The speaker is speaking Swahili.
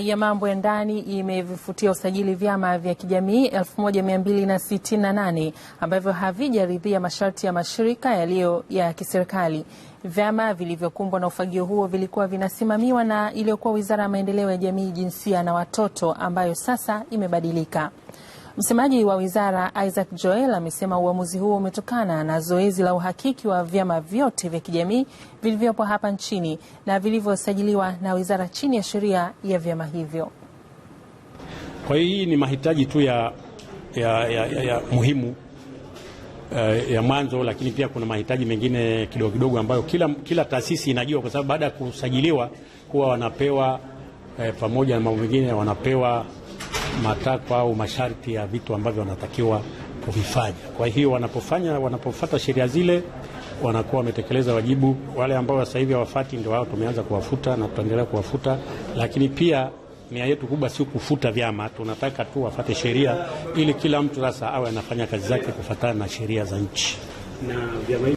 ya mambo ya ndani imevifutia usajili vyama vya kijamii 1268 ambavyo havijaridhia masharti ya mashirika yaliyo ya kiserikali. Vyama vilivyokumbwa na ufagio huo vilikuwa vinasimamiwa na iliyokuwa Wizara ya Maendeleo ya Jamii, Jinsia na Watoto ambayo sasa imebadilika. Msemaji wa wizara Isaac Joel amesema uamuzi huo umetokana na zoezi la uhakiki wa vyama vyote vya kijamii vilivyopo hapa nchini na vilivyosajiliwa na wizara chini ya sheria ya vyama hivyo. Kwa hiyo hii ni mahitaji tu ya, ya, ya, ya, ya muhimu eh, ya mwanzo, lakini pia kuna mahitaji mengine kidogo kidogo ambayo kila, kila taasisi inajua, kwa sababu baada ya kusajiliwa huwa wanapewa eh, pamoja na mambo mengine wanapewa matakwa au masharti ya vitu ambavyo wanatakiwa kuvifanya. Kwa hiyo wanapofanya, wanapofata sheria zile wanakuwa wametekeleza wajibu. Wale ambao sasa hivi hawafati ndio wao tumeanza kuwafuta na tutaendelea kuwafuta, lakini pia nia yetu kubwa sio kufuta vyama, tunataka tu wafate sheria ili kila mtu sasa awe anafanya kazi zake kufuatana na sheria za nchi. Na vyama